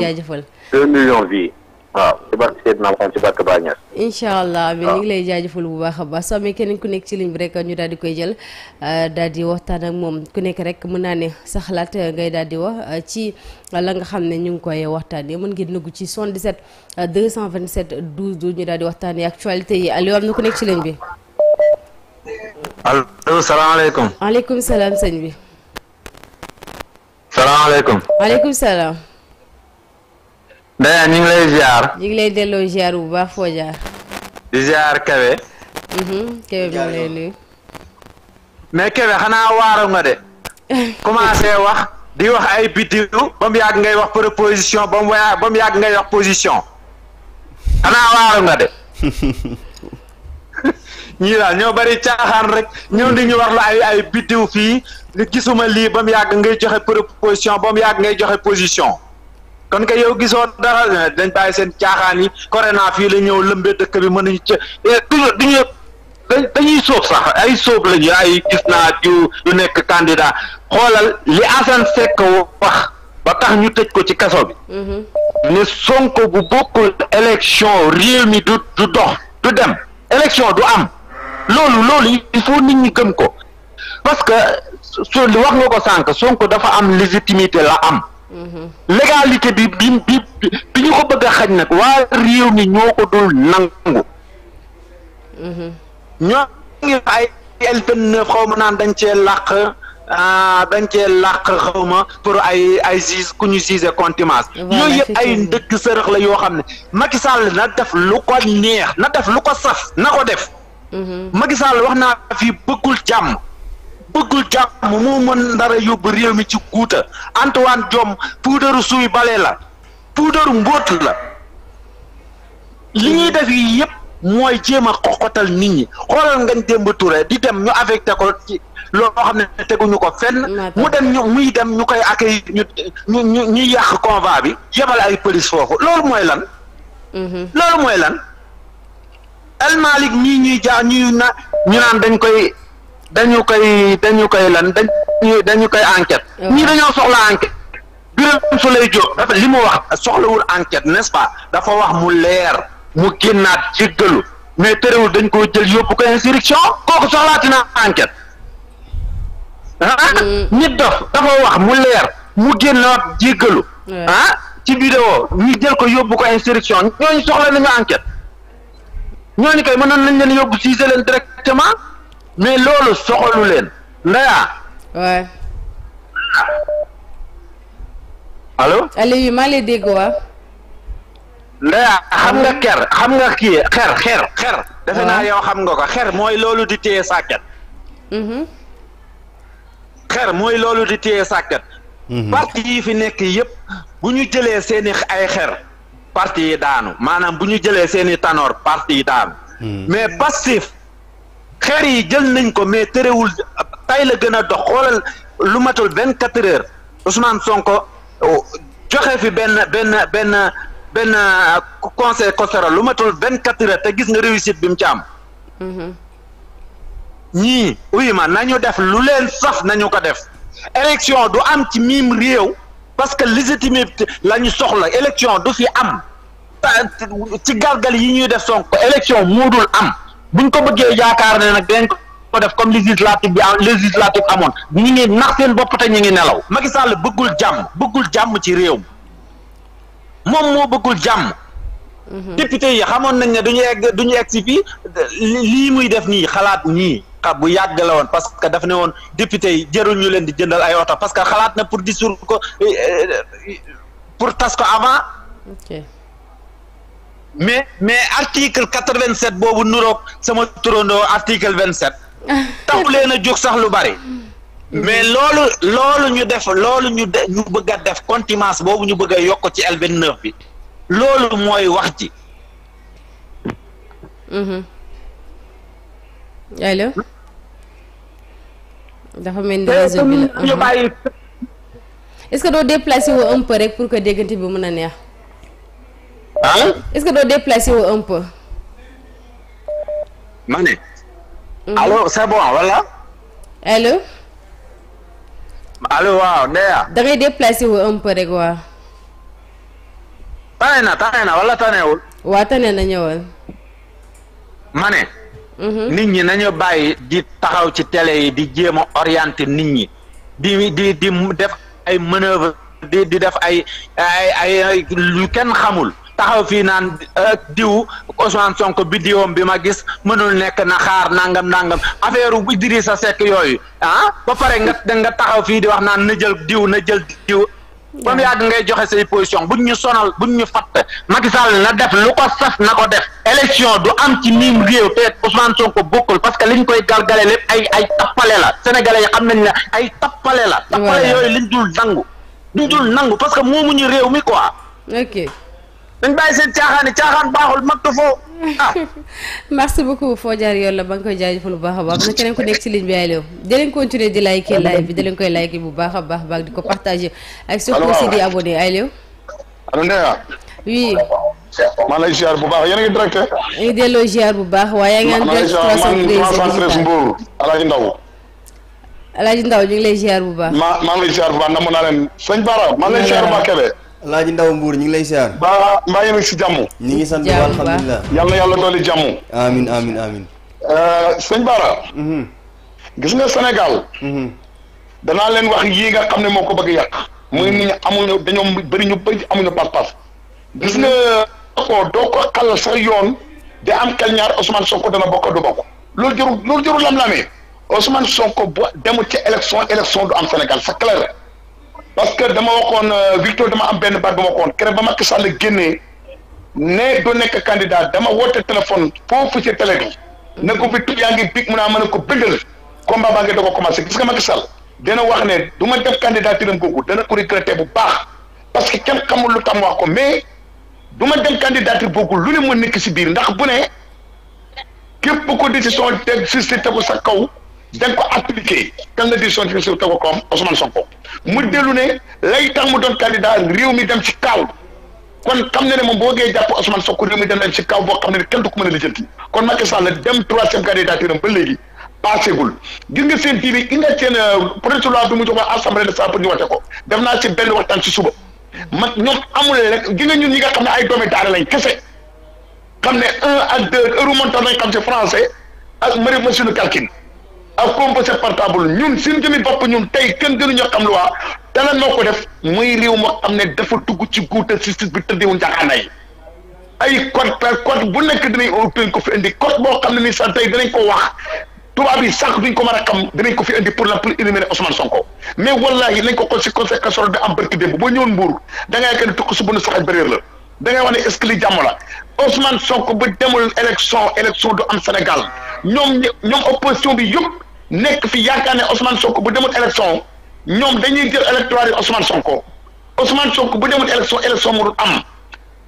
jaajëfal. 2 millions vies. waaw ci barke Seydina Mohamed ci incha allah mi ngi lay jaajëfal bu baax a baax soo amee keneen ku nekk ci ligne bi rek ñu daal di koy jël euh, daal di waxtaan ak moom ku nekk rek mën naa ne sa xalaat euh, ngay daal di wax euh, ci la nga xam ne ñu ngi koy waxtaanee mën ngeen dugg ci 77 227 12 12 ñu daal di waxtaanee actualité yi Aliou am na ku nekk ci ligne bi. allo salaam sëñ bi. salaam. Daya ñu ngi lay ziar. ñu ngi lay delloo ziar bu baax foo jaar. di ziar Kébé. Mhm, mais Kébé xanaa waaru nga de. commencé wax di wax ay biddiw ba mu yàgg ngay wax proposition ba mu ba mu yàgg ngay wax position xanaa waaru nga de. ñii daal ñoo bari caaxaan rek ñëw di ñu war la ay ay biddiw fii gisuma lii ba mu yàgg ngay joxe proposition ba mu yàgg ngay joxe position. kon kay yow gisoo dara dañ bàyyi seen caaxaan yi corona fii la ñëw lëmbee dëkk bi mënuñu ca eh, du duñu dañuy sóob sax ay sóob lañu ay gis naa yu nekk candidat xoolal li Assane Seck wax ba tax ñu tëj ko ci kaso bi mhm. ne Sonko bu bokkul élection réew mi du du dox du dem élection du am loolu loolu il faut nit ñi gëm ko parce que su wax nga ko sànq Sonko dafa am légitimité la am légalité bi bi bi bi ñu ko bëgg a xañ nag waa réew mi ñoo ko dul nangu. ñoo ngi ay L vingt neuf xaw ma naan dañ cee làq ah, dañ cee làq xaw pour ay ay gis ku ñu gisee contumace. yooyu yëpp ay ndëkk sërëx la yoo xam ne Macky Sall na def lu ko neex na def lu ko saf na ko def. Mhm. Macky Sall wax naa fi bëggul jàmm. bëggul jàmm moo mën ndara yóbbu réew mi ci guuta Antoine Diome puudaru suuy bale la puudaru mbóot la li ñuy def yi yëpp mooy jéem a xoxotal nit ñi xoolal ngañ démb Touré di dem ñu affecté ko ci loo xam ne teguñu ko fenn mu dem ñu dem ñu koy accueil ñu ñu ñu yàq bi yebal ay police foofu loolu mooy lan mhm. loolu mooy lan El Malick ñuy jaax na ñu naan dañ koy dañu koy dañu koy lan dañu koy enquête ñii dañoo soxla enquête Birame Souleye Diop dafa li wax soxlawul enquête n'est-ce pas dafa wax mu leer mu génnaat jéggalu mais terewul dañ koo jël yóbbu ko instruction kooku soxlaati na enquête ah mm. nit dof dafa wax mu leer mu génnaat jéggalu ah ci vidéo ñu jël ko yóbbu ko instruction ñooñu soxla nañu enquête ñooñu kay mënoon nañ leen yóbbu siise leen directement mais loolu soxalu leen ndaa waay allo Aliou maa lay dégg waa ndaa xam nga ker xam nga kii xer xer xer defe naa yow xam nga ko xer mooy loolu di téye sàkket mm-hmm. xer mooy loolu di téye sàkket mm-hmm. parti yi fi nekk yëpp bu ñu jëlee seeni ay xer parti yi daanu maanaam bu ñu jëlee seeni tanoor parti yi daanu mm. mais passif xeer yi jël nañ ko mais terewul tay la gën a dox xoolal lu matul vingt quatre heures Ousmane Sonko oh, joxe fi benn benn benn benn conseil constitutionnel lu matul vingt quatre heures te gis nga réussite bi mu ci am mhm. ñii uyu ma nañu def lu leen saf nañu ko def élection du am ci miim réew parce que légitimité la ñu soxla élection du fi am ci galgal yi ñuy def Sonko élection muudul am bu buñ ko bëggee yaakaar ne nag dinañ ko def comme législative bi législative amoon ñu ngi nax seen bopp te ñu ngi nelaw Macky Sall bëggul jàmm bëggul jàmm ci réew mi moom moo bëggul jàmm mhm. député yi xamoon nañ ne duñu egg du ñu egg si fii lii muy def nii xalaat nii xa bu yàgg la woon parce que daf ne woon député yi jërul ñu leen di jëndal ay oto parce que xalaat na pour dissoudre ko euh, euh, pour tas ko avant mais mais article quatre vingt sept boobu nuroog sama turandoo article vingt sept taxu leen a jóg sax lu bari mm-hmm. mais loolu loolu ñu def loolu ñu bëgg a def contimence boobu ñu bëgg a yokk ci L vingt neuf bi loolu mooy wax ji mm-hmm. allo dafa mel ni réseau bi la mm-hmm. est que doo déplacé wu un rek pour que déggante bi mën a neex ah. est-ce que doo déplacé wu un peu. ma ne. Mhm. allo c'est bon voilà. allo. allo waaw Ndeya. da ngay déplacé wu rek waa. tane na tane na wala tanewul. waa tane na ñëwal. ma mhm. nit ñi nañu bàyyi di taxaw ci télé yi di jéema a nit ñi di di def ay manœuvre di di def ay ay ay lu kenn xamul. taxaw fii naan eh, diw Ousmane bi biddiwam bi ma gis mënul nekk na xaar nangam nangam affaire bu sa Seck yooyu ah ba pare nga nga taxaw fii di wax naan na jël diw na jël diw ba mu yàgg ngay joxe say position buñ ñu sonal bu ñu fatt Macky Sall na def lu ko saf na ko def élection du am ci niim réew te Ousmane Sonko bokkul parce que liñ koy galgale lépp ay ay tappale la sénégalais yi xam nañ ne ay tappale la tappale yooyu liñ dul nangu liñ dul nangu parce que ñu réew mi quoi ok dañ bàyyi seen caaxaan yi caaxaan baaxul mag foo ah. merci beaucoup Fodjar Yollah ba nga koy jaajëfal bu baax a baax am na keneen ku nekk ci ligne bi allo di leen continuer bi di leen koy like bu baax a baax baax di ko partager ak surtout aussi di abonné allo. allo Ndeye oui. maa lay ziar bu baax yéen a ngi directé. Eh? delloo ziar bu baax waaye yaa ngi naan direct lay bu baax. maa maa ngi lay bu baax namm naa leen sëñ Bara maa lay ziar bu baax Kébé. Alaaji Ndaw Mbuur ñu lay siyaar ba maa yéen si jàmm ñu ngi sant ba alhamdulilah yàlla yàlla dooli jàmm amin amin amin euh, sëñ Bara mhm. gis nga Sénégal mhm. danaa leen wax yii nga xam ne moo ko bëgg yàq muy mhm. nit ñi amuñu dañoo bëri ñu bëri amuñu pas-pas gis nga ko doo ko xal sa yoon di am xel ñaar Ousmane Sonko dana bokk du bokk loolu jëru loolu jëru lam-lamee Ousmane Sonko bu demul ci élection élection du am Sénégal c'est clair parce que dama waxoon euh, Victor dama am benn baat ba ma waxoon keroog ba Macky Sall génnee ne doo nekk candidat dama woote téléphone foofu ci télé bi ne ko Victor yaa ngi big mun naa mën a ko bëggal combat baa ngi doog commencé gis nga Macky Sall dina wax ne du ma def candidature am googu dana ko regretté bu baax parce que kenn xamul lu tam wax ko mais du ma dem candidature googu lu ne ma nekk si biir ndax bu ne képp ko décision teg si tegu sa kaw. da nga ko appliqué kan la décision fi su teg ko comme Ousmane Sonko mu dellu ne lay tax mu doon candidat réew mi dem ci kaaw kon xam na ne moom boo gee jàpp Ousmane Sonko réew mi dem dem ci kaaw boo xam ne kenn du ko mën a lijjanti kon Macky Sall dem troisième candidature am ba léegi paasegul gis nga seen tii bi gis nga seen euh, projet de loi bi mu jox waa assemblée nationale pour ñu wate ko def naa ci benn waxtaan ci suba man ñoom amul rek gis nga ñun ñi nga xam ne ay doomi daara lañ kese xam ne un ak deux heure montant nañ xam ci français ak mari machine calcul ak composé portable ñun suñ jëmi bopp ñun tey kenn gënuñu xam lu waa dana ko def muy réew moo xam ne dafa tugg ci guuta justice bi tëddiwu njaxaanay ay code par code bu nekk dinañ dinañ ko fi indi code boo xam ne ni sax tey dinañ ko wax tubaab yi sànq duñ ko mën a xam dinañ ko fi indi pour la pour éliminer Ousmane Sonko mais wallahi nañ ko ko si conseil casserole bi am barki démb boo ñëwoon Mbour da ngay kenn tukk su bunu saxaj bëréer la da ngay wax ne est-ce nekk fi yaakaar ne Ousmane Sonko bu demul élection ñoom dañuy jël électorat yi Ousmane Sonko Ousmane Sonko bu demul élection élection mu dul am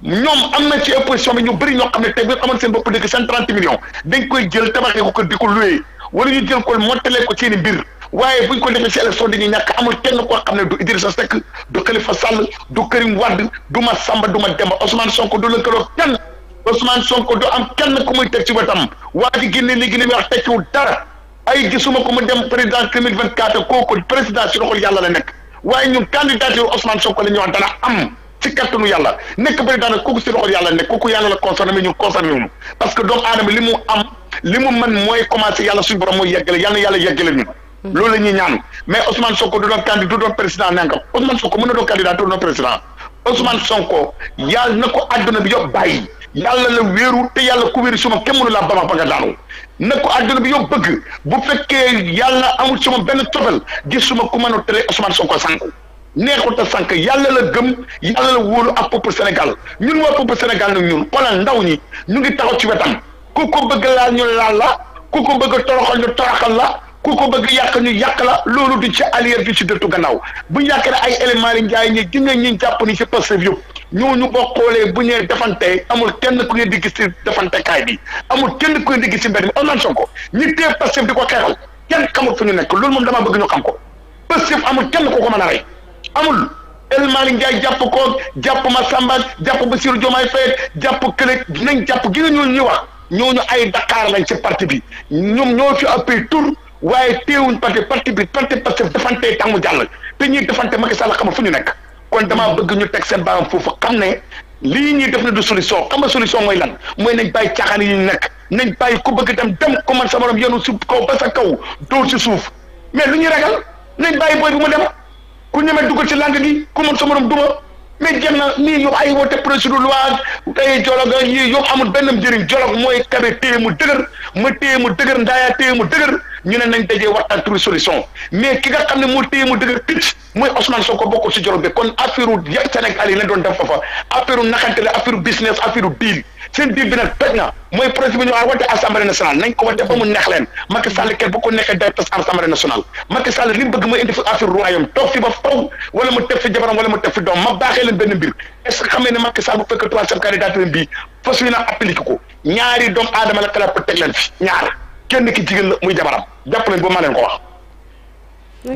ñoom am na ci opposition bi ñu ñoo xam ne tey bu amoon seen bopp dëkk seen trente koy jël tabaxee ko kër di ko loué wala ñu jël ko mottalee ko seen i mbir waaye buñ ko defee si élection dañuy ñàkk xam ne du Idrissa Seck du Khalifa Sall du Karim Wade du ma Samba du ma Demba Ousmane Sonko du lëkkaloo kenn Ousmane Sonko du am kenn ku muy teg ci wetam waa ji génne léegi li muy wax tekkiwul dara. ay gisuma ko mu dem président deux mille vingt quatre kooku président si loxol yàlla la nekk waaye ñun candidature Ousmane Sonko la ñu a dana am ci kattanu yàlla nekk président nag kooku si loxol yàlla nekk kooku yàlla la concerné ñun concerné parce que doomu aadama li mu am li mu mën mooy commencé yàlla suñu mooy yeggale yàlla na yàlla yeggale ñun. Hmm. loolu la ñaan mais Ousmane Sonko du doon candidat du doon président nangam Ousmane Sonko mën na doon yàlla na ko àdduna yàlla la wéeru te yàlla ku wéeru si moom kenn mënu laa bamax ba nga daanu na ko bi yow bëgg bu fekkee yàlla amul si moom benn tofel gis suma ku mën a tere Ousmane Sonko sànku neexut a sànk yàlla la gëm yàlla la wóolu ak peuple Sénégal ñun waa peuple Sénégal nag ñun xoolal ndaw ñi ñu ngi taxaw ci wetam ku ko bëgg laal ñu laal la ku ko bëgg toroxal ñu toroxal la ku ko bëgg yàq ñu yàq la loolu du ci allier du ci dëttu gannaaw bu ñu yàqee ay éléments yi njaay ñi gis yëpp ñu boo xoolee bu ñee defante amul kenn ku ngeen di gis ci defantekaay bi amul kenn ku ngeen di gis ci mbedd mi Ousmane Sonko ñi tee Pastef di ko xeexal kenn xamul fu ñu nekk loolu moom damaa bëgg ñu xam ko Pastef amul kenn ku ko mën a rey amul El Malick Ndiaye jàpp ko jàpp Massamba jàpp Bassirou Diomaye Faye jàpp kële dinañ jàpp gi nga ñooñu wax wax ñu ay Dakar lañ ci parti bi ñoom ñoo fi ëppee tur waaye teewuñ parti parti bi parti Pastef defante tax mu jàll te ñuy defante Macky Sall xamul fu ñu nekk kon damaa bëgg ñu teg seen baaraam foofu xam ne lii ñuy def ne du solution xam nga solution mooy lan mooy nañ bàyyi caaxaan yi ñu nekk nañ bàyyi ku bëgg dem dem ku man sa morom yenu si kaw ba sa kaw dóor si suuf mais lu ñuy ragal nañ bàyyi booy bu mu dem ku ñemee dugal ci làng gi ku mën sa morom duma mais jeex na nii yow ay wo woote procédure loi ay dialogue yi yow amul benn njëriñ dialogue mooy kabe téye mu dëgër ma téye mu dëgër ndaayaa téye mu dëgër ñu ne nañ dajee waxtaan trouver solution mais ki nga xam ne moo téye mu dëgër këcc mooy Ousmane Sonko bokkul si jorob bi kon affaire u ya Sénégal yi la doon def fa affaire u naxante la affaire u business u deal seen deal bi nag toj na mooy projet bi ñu war a wate assemblée nationale nañ ko wate ba mu neex leen Macky Sall kenn bu ko neexee day tas assemblée nationale Macky Sall li mu bëgg mooy indi royaume toog fi ba faw wala mu teg fi jabaram wala mu teg fi kenn ki jigéen la muy jabaram jàpp nañ ba maa leen ko wax.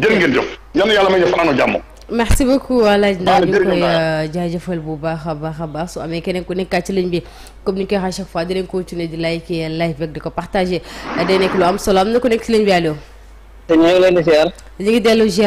jërë ngeen jëf yal na yàlla may ñu fanaanu jàmm. merci beaucoup laaj naa ñu euh, bu baax a baax a baax soo amee keneen ku nekkaat ci ligne bi comme ni ñu koy waxee chaque fois dinañ continuer di like euh, live rek di ko partagé day nekk lu am solo am na ku nekk ci ligne bi allo. te ñu ngi dellu ziar.